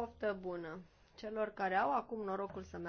poftă bună celor care au acum norocul să